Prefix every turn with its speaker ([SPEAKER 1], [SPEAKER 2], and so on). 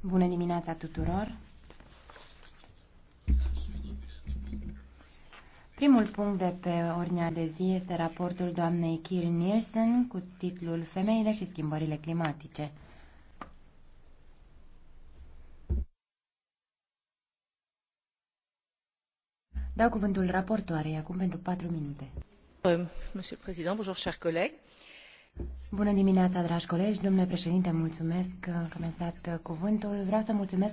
[SPEAKER 1] Bună dimineața tuturor. Primul punct de pe ordinea de zi este raportul doamnei Kiri Nielsen cu titlul Femeile și schimbările climatice.
[SPEAKER 2] Dau cuvântul raportoarei acum pentru patru minute.
[SPEAKER 3] Monsieur le Président, bonjour chers collègues
[SPEAKER 2] Bună dimineața, dragi colegi. Domnule președinte, mulțumesc
[SPEAKER 4] că mi-ați dat cuvântul. Vreau să mulțumesc